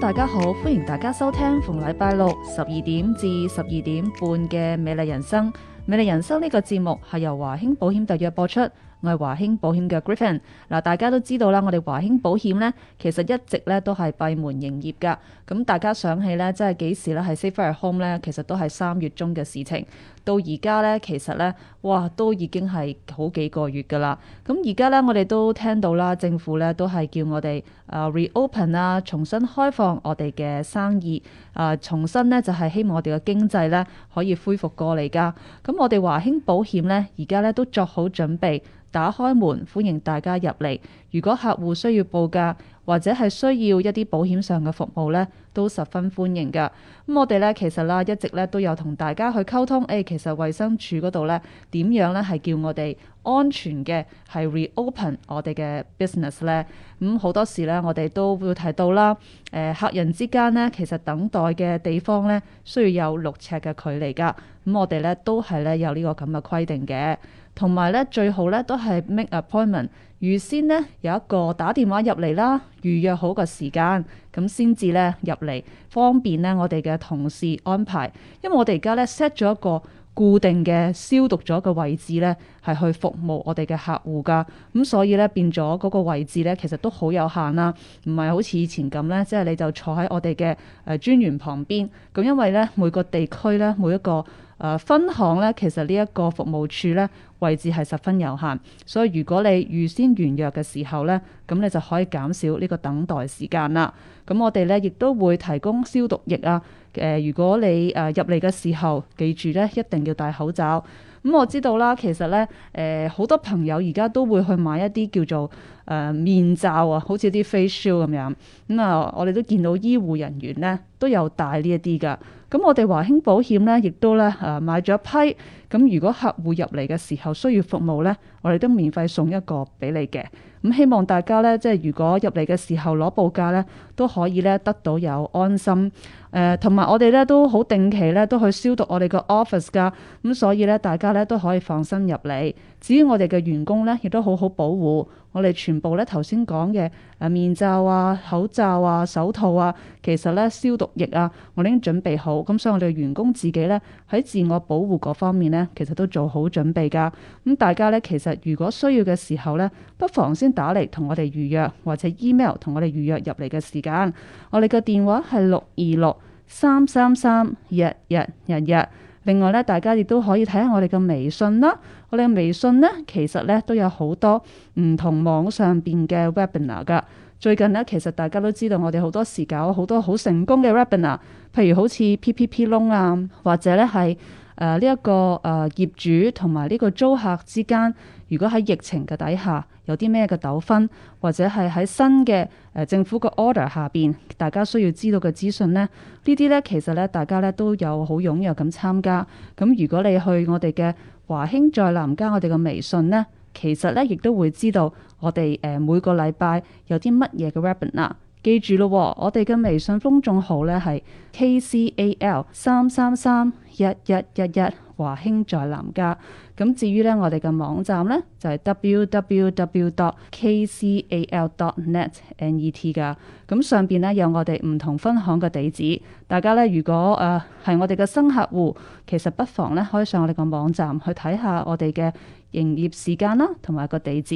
大家好，歡迎大家收聽逢禮拜六十二點至十二點半嘅《美麗人生》。《美麗人生》呢個節目係由華興保險特約播出。我係華興保險嘅 Griffin，嗱，大家都知道啦，我哋華興保險呢，其實一直呢都係閉門營業噶。咁大家想起呢，即係幾時呢？係 Safe at Home 呢，其實都係三月中嘅事情。到而家呢，其實呢，哇都已經係好幾個月噶啦。咁而家呢，我哋都聽到啦，政府呢都係叫我哋啊 reopen 啊，重新開放我哋嘅生意，啊、呃、重新呢，就係、是、希望我哋嘅經濟呢可以恢復過嚟噶。咁、嗯、我哋華興保險呢，而家呢都作好準備。打開門歡迎大家入嚟。如果客戶需要報價或者係需要一啲保險上嘅服務呢，都十分歡迎㗎。咁、嗯、我哋呢，其實啦，一直呢，都有同大家去溝通。誒、哎，其實衞生署嗰度呢，點樣呢？係叫我哋安全嘅係 reopen 我哋嘅 business 呢。咁、嗯、好多時呢，我哋都會提到啦。誒、呃，客人之間呢，其實等待嘅地方呢，需要有六尺嘅距離㗎。咁、嗯、我哋呢，都係呢，有呢個咁嘅規定嘅。同埋咧，最好咧都係 make appointment，預先呢，有一個打電話入嚟啦，預約好個時間，咁先至咧入嚟，方便咧我哋嘅同事安排。因為我哋而家咧 set 咗一個固定嘅消毒咗嘅位置咧，係去服務我哋嘅客戶噶，咁、嗯、所以咧變咗嗰個位置咧，其實都好有限啦，唔係好似以前咁咧，即係你就坐喺我哋嘅誒專員旁邊。咁因為咧每個地區咧每一個。誒、呃、分行呢，其實呢一個服務處呢，位置係十分有限，所以如果你預先預約嘅時候呢，咁你就可以減少呢個等待時間啦。咁、嗯、我哋呢，亦都會提供消毒液啊。誒、呃，如果你誒、呃、入嚟嘅時候，記住呢，一定要戴口罩。咁、嗯、我知道啦，其實呢，誒、呃、好多朋友而家都會去買一啲叫做誒、呃、面罩啊，好似啲 face shield 咁樣。咁、嗯、啊、呃，我哋都見到醫護人員呢，都有戴呢一啲㗎。咁我哋華興保險咧，亦都咧，啊，買咗一批。咁如果客戶入嚟嘅時候需要服務咧，我哋都免費送一個俾你嘅。咁希望大家咧，即係如果入嚟嘅時候攞報價咧，都可以咧得到有安心。誒，同埋我哋咧都好定期咧都去消毒我哋嘅 office 噶。咁所以咧，大家咧都可以放心入嚟。至於我哋嘅員工咧，亦都好好保護，我哋全部咧頭先講嘅誒面罩啊、口罩啊、手套啊，其實咧消毒液啊，我哋已經準備好。咁所以我哋員工自己咧喺自我保護嗰方面咧。其實都做好準備噶，咁大家呢，其實如果需要嘅時候呢，不妨先打嚟同我哋預約，或者 email 同我哋預約入嚟嘅時間。我哋嘅電話係六二六三三三日日日日。另外呢，大家亦都可以睇下我哋嘅微信啦。我哋嘅微信呢，其實呢都有好多唔同網上邊嘅 webinar 噶。最近呢，其實大家都知道我哋好多時搞好多好成功嘅 webinar，譬如好似 PPP loan 啊，或者呢係。誒呢一個誒、啊、業主同埋呢個租客之間，如果喺疫情嘅底下有啲咩嘅糾紛，或者係喺新嘅誒、啊、政府嘅 order 下邊，大家需要知道嘅資訊呢，呢啲呢其實呢，大家呢都有好踴躍咁參加。咁、嗯、如果你去我哋嘅華興在南加我哋嘅微信呢，其實呢亦都會知道我哋誒、啊、每個禮拜有啲乜嘢嘅 webinar。記住咯，我哋嘅微信公眾號呢係 KCAL333。一一一一，華興在南加。咁至於呢，我哋嘅網站呢，就係、是、w w w dot k c a l dot net n e t 噶。咁上邊呢，有我哋唔同分行嘅地址。大家呢，如果誒係、呃、我哋嘅新客戶，其實不妨呢開上我哋個網站去睇下我哋嘅營業時間啦，同埋個地址。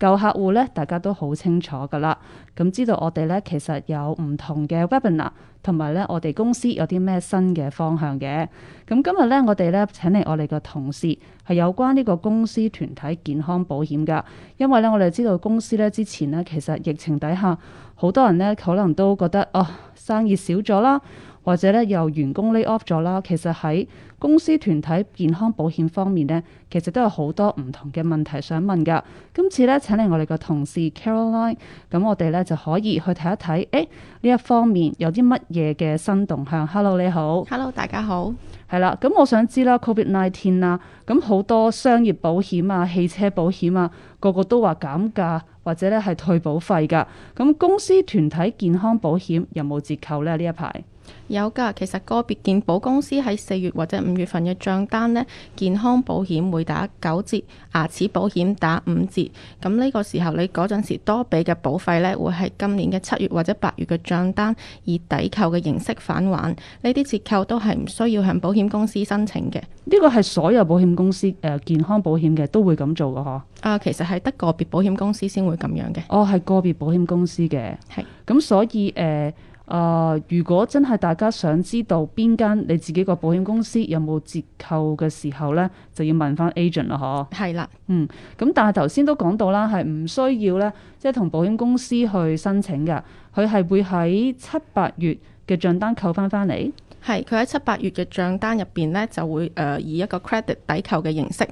舊客戶呢，大家都好清楚噶啦。咁知道我哋呢，其實有唔同嘅 webinar。同埋呢，我哋公司有啲咩新嘅方向嘅？咁今日呢，我哋呢請嚟我哋個同事係有關呢個公司團體健康保險㗎，因為呢，我哋知道公司呢，之前呢，其實疫情底下好多人呢，可能都覺得哦生意少咗啦，或者呢，又員工 lay off 咗啦，其實喺公司團體健康保險方面呢，其實都有好多唔同嘅問題想問㗎。今次呢，請嚟我哋嘅同事 Caroline，咁我哋呢就可以去睇一睇，誒、欸、呢一方面有啲乜嘢嘅新動向。Hello 你好，Hello 大家好，係啦。咁我想知啦，COVID nineteen 啦，咁好多商業保險啊、汽車保險啊，個個都話減價或者咧係退保費㗎。咁公司團體健康保險有冇折扣呢？呢一排？有噶，其實個別健保公司喺四月或者五月份嘅賬單呢，健康保險會打九折，牙齒保險打五折。咁呢個時候你嗰陣時多俾嘅保費呢，會喺今年嘅七月或者八月嘅賬單以抵扣嘅形式返還。呢啲折扣都係唔需要向保險公司申請嘅。呢個係所有保險公司誒，呃，健康保險嘅都會咁做噶嗬？啊，其實係得個別保險公司先會咁樣嘅。哦，係個別保險公司嘅。係。咁所以誒。呃啊、呃！如果真係大家想知道邊間你自己個保險公司有冇折扣嘅時候呢，就要問翻 agent 啦，嗬的。係啦，嗯。咁但係頭先都講到啦，係唔需要呢，即係同保險公司去申請嘅，佢係會喺七八月嘅帳單扣翻翻嚟。係，佢喺七八月嘅帳單入邊呢，就會誒以一個 credit 抵扣嘅形式。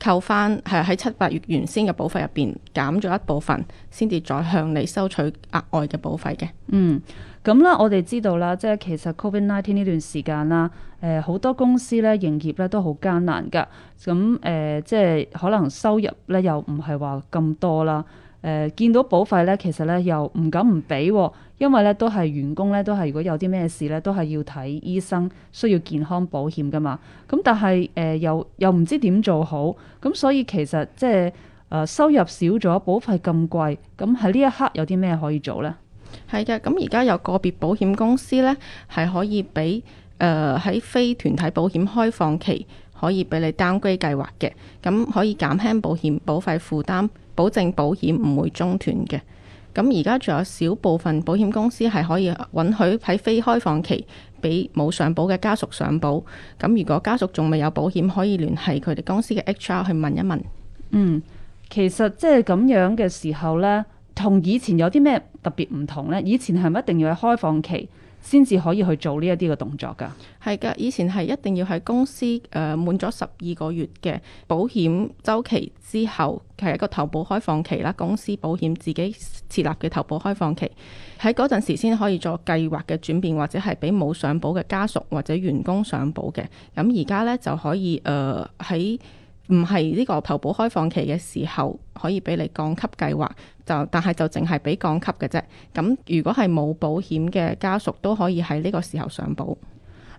扣翻係喺七八月原先嘅保費入邊減咗一部分，先至再向你收取額外嘅保費嘅、嗯呃。嗯，咁啦，我哋知道啦，即係其實 COVID-19 呢段時間啦，誒好多公司咧營業咧都好艱難㗎，咁誒即係可能收入咧又唔係話咁多啦，誒、呃、見到保費咧其實咧又唔敢唔俾喎。因為咧都係員工咧都係如果有啲咩事咧都係要睇醫生，需要健康保險噶嘛。咁但係誒、呃、又又唔知點做好，咁所以其實即係誒收入少咗，保費咁貴，咁喺呢一刻有啲咩可以做呢？係嘅，咁而家有個別保險公司呢係可以俾誒喺非團體保險開放期可以俾你單規計劃嘅，咁可以減輕保險保費負擔，保證保險唔會中斷嘅。咁而家仲有少部分保險公司係可以允許喺非開放期俾冇上保嘅家屬上保。咁如果家屬仲未有保險，可以聯繫佢哋公司嘅 HR 去問一問。嗯，其實即係咁樣嘅時候呢，同以前有啲咩特別唔同呢？以前係咪一定要喺開放期先至可以去做呢一啲嘅動作㗎，係㗎。以前係一定要喺公司誒、呃、滿咗十二個月嘅保險周期之後，係一個投保開放期啦。公司保險自己設立嘅投保開放期，喺嗰陣時先可以作計劃嘅轉變，或者係俾冇上保嘅家屬或者員工上保嘅。咁而家咧就可以誒喺。呃唔係呢個投保開放期嘅時候可以俾你降級計劃，就但係就淨係俾降級嘅啫。咁如果係冇保險嘅家屬都可以喺呢個時候上保。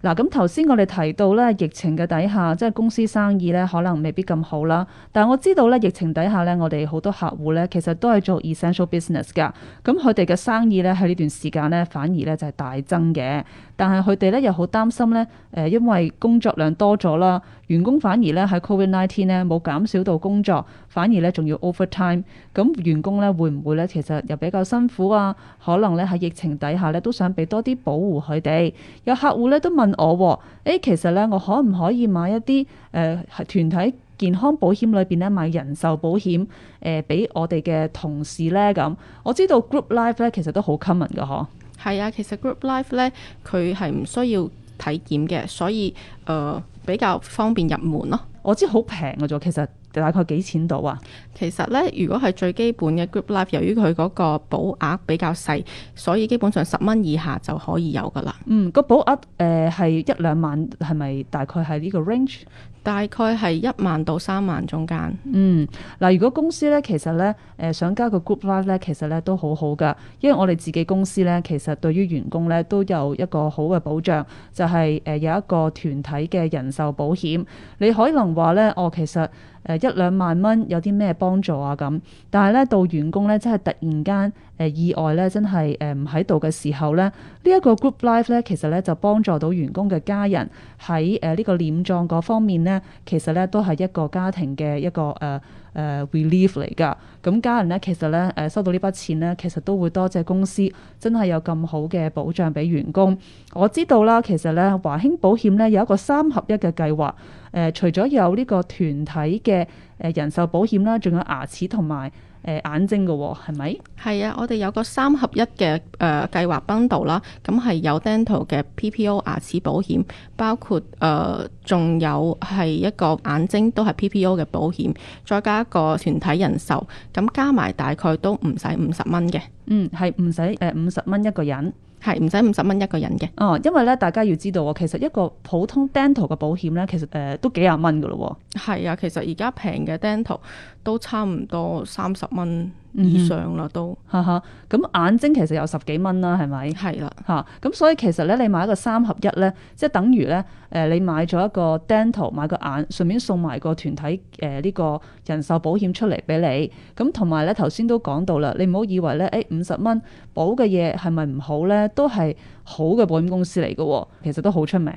嗱、啊，咁頭先我哋提到咧疫情嘅底下，即係公司生意咧可能未必咁好啦。但我知道咧疫情底下咧，我哋好多客戶咧其實都係做 essential business 噶。咁佢哋嘅生意咧喺呢段時間咧反而咧就係大增嘅。但係佢哋咧又好擔心咧，誒因為工作量多咗啦。員工反而咧喺 Covid Nineteen 咧冇減少到工作，反而咧仲要 over time。咁員工咧會唔會咧其實又比較辛苦啊？可能咧喺疫情底下咧都想俾多啲保護佢哋。有客戶咧都問我：「誒、欸，其實咧我可唔可以買一啲誒、呃、團體健康保險裏邊咧買人壽保險誒，俾、呃、我哋嘅同事咧咁？我知道 Group Life 咧其實都好 common 嘅，嗬。」係啊，其實 Group Life 咧佢係唔需要體檢嘅，所以誒。呃比較方便入門咯，我知好平嘅啫，其實。大概幾錢度啊？其實呢，如果係最基本嘅 Group Life，由於佢嗰個保額比較細，所以基本上十蚊以下就可以有噶啦。嗯，個保額誒係、呃、一兩萬，係咪大概係呢個 range？大概係一萬到三萬中間。嗯，嗱，如果公司呢，其實呢，誒、呃、想加個 Group Life 呢，其實呢都好好噶，因為我哋自己公司呢，其實對於員工呢，都有一個好嘅保障，就係、是、誒、呃、有一個團體嘅人壽保險。你可能話呢，我、哦、其實誒一兩萬蚊有啲咩幫助啊？咁，但係咧到員工咧真係突然間誒、呃、意外咧真係誒唔喺度嘅時候咧，呢、這、一個 group life 咧其實咧就幫助到員工嘅家人喺誒呢個殮葬嗰方面咧，其實咧都係一個家庭嘅一個誒。呃誒 relief 嚟㗎，咁、uh, 嗯、家人咧其實咧誒收到筆呢筆錢咧，其實都會多謝公司，真係有咁好嘅保障俾員工。我知道啦，其實咧華興保險咧有一個三合一嘅計劃，誒、呃、除咗有個團呢個團體嘅誒人壽保險啦，仲有牙齒同埋。誒眼睛嘅喎係咪？係啊，我哋有個三合一嘅誒、呃、計劃 bundle 啦，咁、嗯、係有 dental 嘅 PPO 牙齒保險，包括誒仲、呃、有係一個眼睛都係 PPO 嘅保險，再加一個團體人壽，咁加埋大概都唔使五十蚊嘅。嗯，係唔使誒五十蚊一個人。係唔使五十蚊一個人嘅哦，因為咧大家要知道，其實一個普通 dental 嘅保險咧，其實誒、呃、都幾廿蚊噶咯。係啊，其實而家平嘅 dental 都差唔多三十蚊。以上啦都、嗯，哈哈，咁眼睛其實有十幾蚊啦，係咪？係啦的，吓、啊，咁所以其實咧，你買一個三合一咧，即係等於咧，誒，你買咗一個 dental，買個眼，順便送埋個團體誒呢、呃這個人壽保險出嚟俾你，咁同埋咧，頭先都講到啦，你唔好以為咧，誒五十蚊保嘅嘢係咪唔好咧，都係好嘅保險公司嚟嘅，其實都好出名。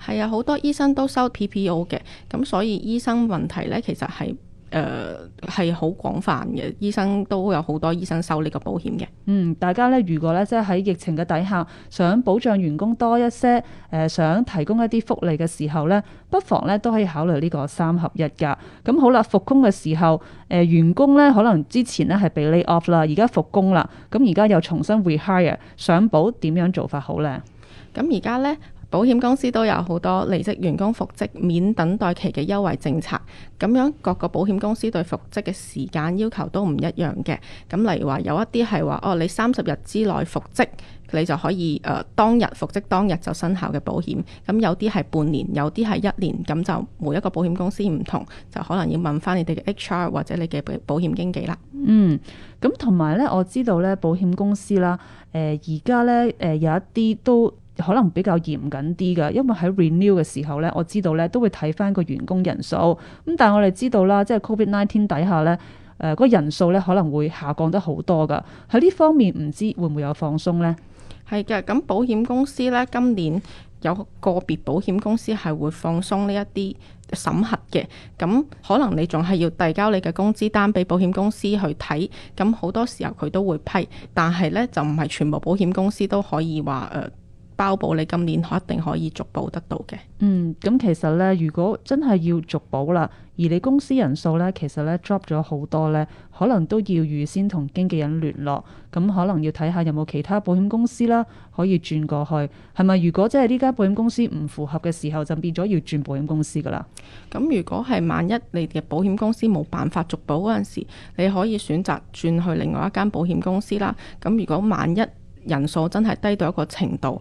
係啊，好多醫生都收 PPO 嘅，咁所以醫生問題咧，其實係。誒係好廣泛嘅，醫生都有好多醫生收呢個保險嘅。嗯，大家呢，如果呢，即係喺疫情嘅底下，想保障員工多一些，誒、呃、想提供一啲福利嘅時候呢，不妨呢都可以考慮呢個三合一噶。咁、嗯、好啦，復工嘅時候，誒、呃、員工呢可能之前呢係俾 lay off 啦，而家復工啦，咁而家又重新 rehire，想保點樣做法好呢？咁而家呢。保險公司都有好多離職員工復職免等待期嘅優惠政策，咁樣各個保險公司對復職嘅時間要求都唔一樣嘅。咁例如話有一啲係話哦，你三十日之內復職，你就可以誒當日復職當日就生效嘅保險。咁有啲係半年，有啲係一年，咁就每一個保險公司唔同，就可能要問返你哋嘅 HR 或者你嘅保險經紀啦。嗯，咁同埋呢，我知道呢保險公司啦，誒而家呢誒有一啲都。可能比較嚴謹啲嘅，因為喺 renew 嘅時候呢，我知道呢都會睇翻個員工人數。咁但係我哋知道啦，即係 COVID-19 底下呢，誒、呃、嗰人數呢可能會下降得好多嘅。喺呢方面唔知會唔會有放鬆呢？係嘅，咁保險公司呢，今年有個別保險公司係會放鬆呢一啲審核嘅。咁可能你仲係要遞交你嘅工資單俾保險公司去睇。咁好多時候佢都會批，但係呢就唔係全部保險公司都可以話誒。呃包保你今年可一定可以續保得到嘅、嗯。嗯，咁其實咧，如果真係要續保啦，而你公司人數咧，其實咧 drop 咗好多咧，可能都要預先同經紀人聯絡，咁、嗯、可能要睇下有冇其他保險公司啦，可以轉過去。係咪？如果即係呢間保險公司唔符合嘅時候，就變咗要轉保險公司㗎喇。咁、嗯、如果係萬一你嘅保險公司冇辦法續保嗰陣時，你可以選擇轉去另外一間保險公司啦。咁、嗯嗯、如果萬一人數真係低到一個程度，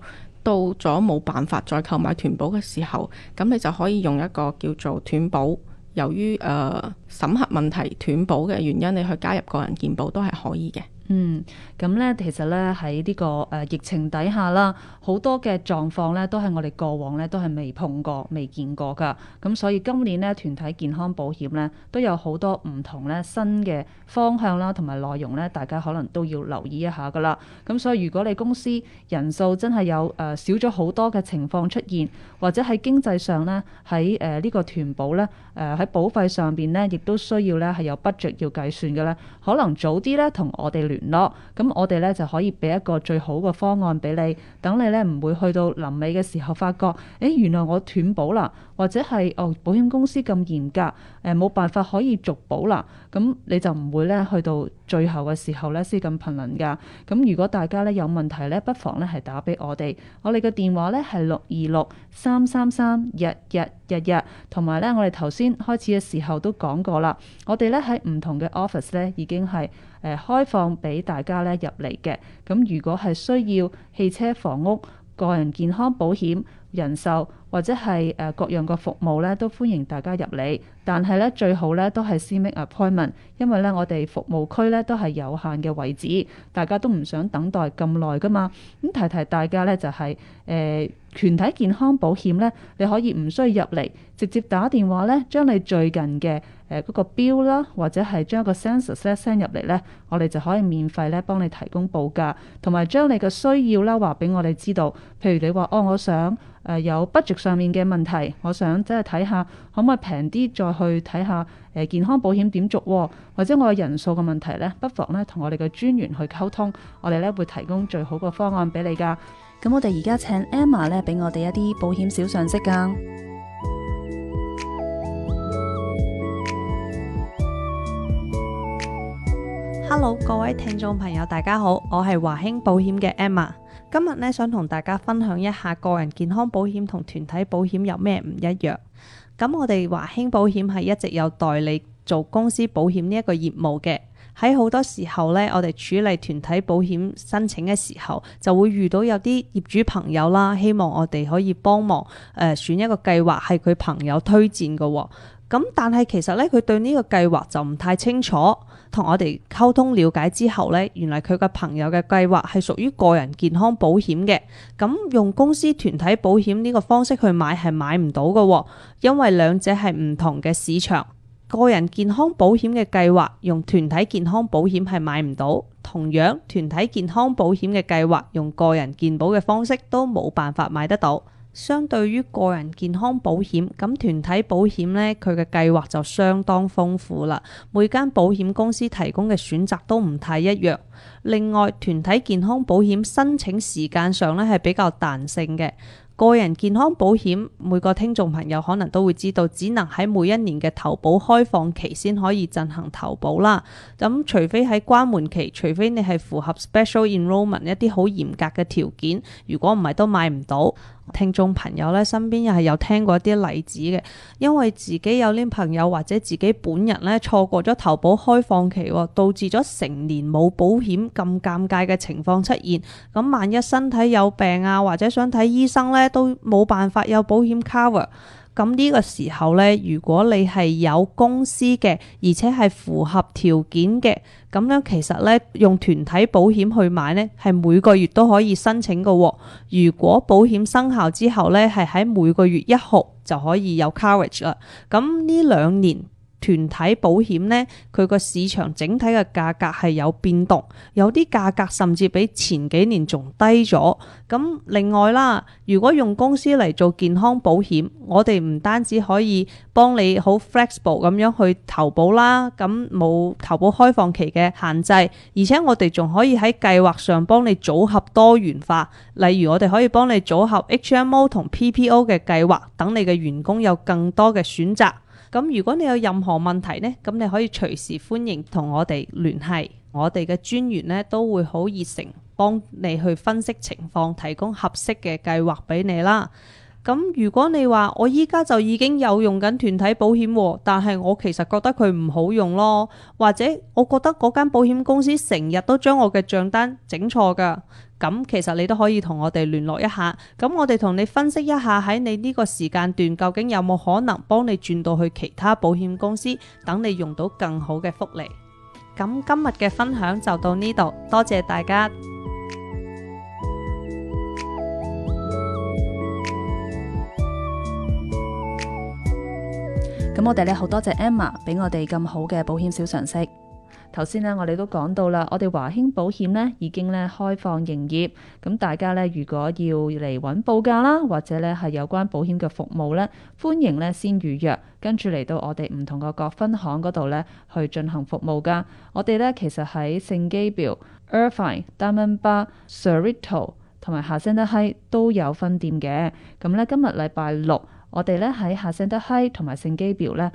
到咗冇辦法再購買團保嘅時候，咁你就可以用一個叫做斷保，由於誒、uh, 審核問題，斷保嘅原因，你去加入個人健保都係可以嘅。嗯，咁、嗯、咧，其實咧喺呢、這個誒、呃、疫情底下啦，好多嘅狀況咧都係我哋過往咧都係未碰過未見過噶，咁、嗯、所以今年咧團體健康保險咧都有好多唔同咧新嘅方向啦，同埋內容咧，大家可能都要留意一下噶啦。咁、嗯、所以如果你公司人數真係有誒、呃、少咗好多嘅情況出現，或者喺經濟上咧喺誒呢、呃這個團保咧誒，喺保費上邊咧，亦都需要咧係有 budget 要計算嘅咧，可能早啲咧同我哋聯聯，咁我哋咧，就可以俾一個最好嘅方案俾你，等你咧唔會去到臨尾嘅時候發覺，誒原來我斷保啦，或者係哦保險公司咁嚴格，誒冇辦法可以續保啦，咁你就唔會咧去到最後嘅時候咧先咁頻倫噶。咁如果大家咧有問題咧，不妨咧係打俾我哋，我哋嘅電話咧係六二六三三三一一一一，同埋咧我哋頭先開始嘅時候都講過啦，我哋咧喺唔同嘅 office 咧已經係。誒開放畀大家咧入嚟嘅，咁如果係需要汽車、房屋、個人健康保險、人壽或者係誒各樣個服務咧，都歡迎大家入嚟。但係咧，最好咧都係先 make appointment，因為咧我哋服務區咧都係有限嘅位置，大家都唔想等待咁耐㗎嘛。咁提提大家咧就係、是、誒、呃、全體健康保險咧，你可以唔需要入嚟，直接打電話咧，將你最近嘅誒嗰個 bill 啦，或者係將個 census send 入嚟咧，我哋就可以免費咧幫你提供報價，同埋將你嘅需要啦話俾我哋知道。譬如你話哦，我想。誒、呃、有 budget 上面嘅問題，我想即係睇下可唔可以平啲再去睇下誒、呃、健康保險點續，或者我嘅人數嘅問題呢？不妨呢，同我哋嘅專員去溝通，我哋呢會提供最好嘅方案俾你噶。咁我哋而家請 Emma 呢俾我哋一啲保險小信息噶、啊。Hello，各位聽眾朋友，大家好，我係華興保險嘅 Emma。今日咧想同大家分享一下個人健康保險同團體保險有咩唔一樣。咁我哋華興保險係一直有代理做公司保險呢一個業務嘅。喺好多時候咧，我哋處理團體保險申請嘅時候，就會遇到有啲業主朋友啦，希望我哋可以幫忙誒、呃、選一個計劃，係佢朋友推薦嘅、哦。咁但係其實咧，佢對呢個計劃就唔太清楚。同我哋溝通了解之後呢，原來佢嘅朋友嘅計劃係屬於個人健康保險嘅。咁用公司團體保險呢個方式去買係買唔到嘅，因為兩者係唔同嘅市場。個人健康保險嘅計劃用團體健康保險係買唔到，同樣團體健康保險嘅計劃用個人健保嘅方式都冇辦法買得到。相對於個人健康保險，咁團體保險呢，佢嘅計劃就相當豐富啦。每間保險公司提供嘅選擇都唔太一樣。另外，團體健康保險申請時間上咧係比較彈性嘅。個人健康保險每個聽眾朋友可能都會知道，只能喺每一年嘅投保開放期先可以進行投保啦。咁除非喺關門期，除非你係符合 special enrollment 一啲好嚴格嘅條件，如果唔係都買唔到。聽眾朋友咧，身邊又係有聽過一啲例子嘅，因為自己有啲朋友或者自己本人咧，錯過咗投保開放期，導致咗成年冇保險咁尷尬嘅情況出現。咁萬一身體有病啊，或者想睇醫生咧，都冇辦法有保險 cover。咁呢個時候咧，如果你係有公司嘅，而且係符合條件嘅，咁樣其實咧用團體保險去買咧，係每個月都可以申請嘅。如果保險生效之後咧，係喺每個月一號就可以有 coverage 啦。咁呢兩年。團體保險呢，佢個市場整體嘅價格係有變動，有啲價格甚至比前幾年仲低咗。咁另外啦，如果用公司嚟做健康保險，我哋唔單止可以幫你好 flexible 咁樣去投保啦，咁冇投保開放期嘅限制，而且我哋仲可以喺計劃上幫你組合多元化，例如我哋可以幫你組合 HMO 同 PPO 嘅計劃，等你嘅員工有更多嘅選擇。咁如果你有任何問題呢，咁你可以隨時歡迎同我哋聯繫，我哋嘅專員呢都會好熱誠幫你去分析情況，提供合適嘅計劃俾你啦。咁如果你話我依家，就已經有用緊團體保險，但係我其實覺得佢唔好用咯，或者我覺得嗰間保險公司成日都將我嘅賬單整錯噶，咁其實你都可以同我哋聯絡一下，咁我哋同你分析一下喺你呢個時間段究竟有冇可能幫你轉到去其他保險公司，等你用到更好嘅福利。咁今日嘅分享就到呢度，多謝大家。咁我哋咧好多謝 Emma 俾我哋咁好嘅保險小常識。頭先呢，我哋都講到啦，我哋華興保險呢已經咧開放營業。咁大家呢，如果要嚟揾報價啦，或者呢係有關保險嘅服務呢，歡迎呢先預約，跟住嚟到我哋唔同嘅各個分行嗰度呢去進行服務噶我哋呢其實喺 San Gabriel、Irvine、Diamond Bar、Cerritos 同埋 Hacienda Heights 都有分店嘅。咁呢，今日禮拜六。我哋咧喺 Hacienda Heights 同埋聖蓋博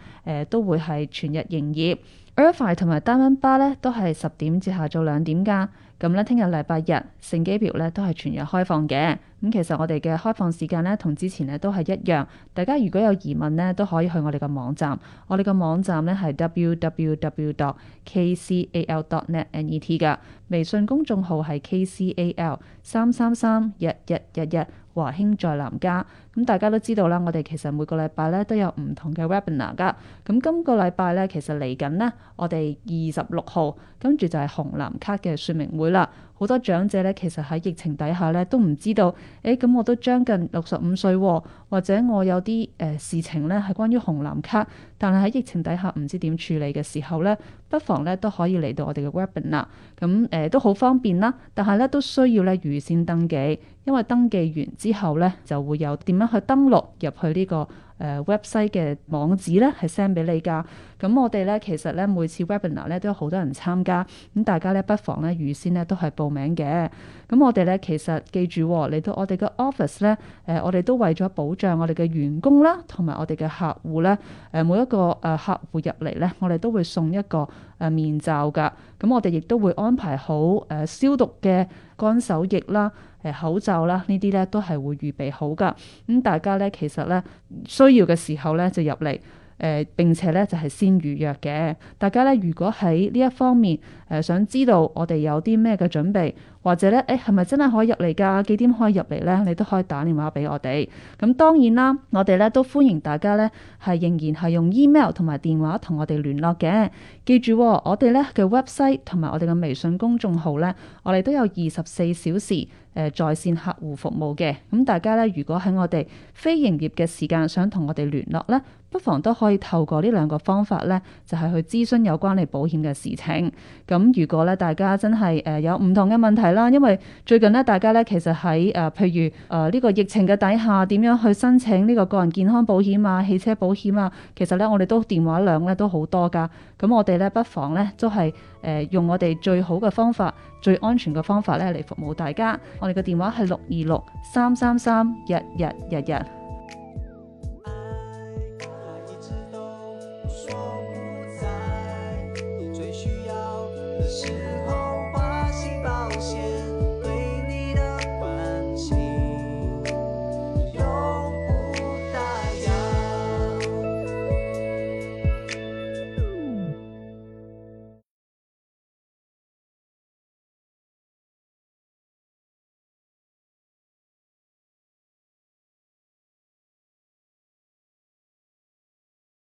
都會係全日營業。Earfire 同埋 Diamond Bar 都係十點至下晝兩點㗎。咁咧，聽日禮拜日聖蓋博都係全日開放嘅。咁其實我哋嘅開放時間咧，同之前咧都係一樣。大家如果有疑問咧，都可以去我哋個網站。我哋個網站咧係 www.kcal.net.net 噶。微信公眾號係 kcal 三三三一一一一。華興在南加。咁大家都知道啦，我哋其實每個禮拜咧都有唔同嘅 webinar 噶。咁今個禮拜咧，其實嚟緊呢，我哋二十六號跟住就係紅藍卡嘅説明會啦。好多長者呢，其實喺疫情底下呢，都唔知道，誒，欸，咁我都將近六十五歲，哦，或者我有啲，呃，事情呢，係關於紅藍卡，但係喺疫情底下唔知點處理嘅時候呢，不妨咧都可以嚟到我哋嘅 webinar，咁誒都好方便啦。但係咧都需要咧預先登記，因為登記完之後咧就會有點樣去登錄入去，這個呃，呢個誒 website 嘅網址咧，係 send 俾你噶。咁，嗯，我哋咧其實咧每次 webinar 咧都有好多人參加，咁，嗯，大家咧不妨咧預先咧都係報名嘅。咁，嗯，我哋咧其實記住嚟，哦，到我哋嘅 office 咧，誒、呃，我哋都為咗保障我哋嘅員工啦，同埋我哋嘅客戶咧，誒、呃，每一個誒、呃，客戶入嚟咧，我哋都會送一個。誒面罩㗎，咁我哋亦都會安排好誒、呃、消毒嘅乾手液啦、誒、呃、口罩啦，呢啲咧都係會預備好㗎。咁、嗯、大家咧其實咧需要嘅時候咧就入嚟誒、呃，並且咧就係、是、先預約嘅。大家咧如果喺呢一方面，係想知道我哋有啲咩嘅準備，或者咧，誒係咪真係可以入嚟噶？幾點可以入嚟呢？你都可以打電話俾我哋。咁當然啦，我哋咧都歡迎大家咧，係仍然係用 email 同埋電話同我哋聯絡嘅。記住，哦，我哋咧嘅 website 同埋我哋嘅微信公眾號咧，我哋都有二十四小時誒在線客戶服務嘅。咁大家咧，如果喺我哋非營業嘅時間想同我哋聯絡咧，不妨都可以透過呢兩個方法咧，就係、是、去諮詢有關你保險嘅事情。咁。咁如果咧，大家真係誒有唔同嘅問題啦，因為最近咧，大家咧其實喺誒，譬如誒呢個疫情嘅底下，點樣去申請呢個個人健康保險啊、汽車保險啊，其實咧我哋都電話量咧都好多噶。咁我哋咧不妨咧都係誒用我哋最好嘅方法、最安全嘅方法咧嚟服務大家。我哋嘅電話係六二六三三三一一一一。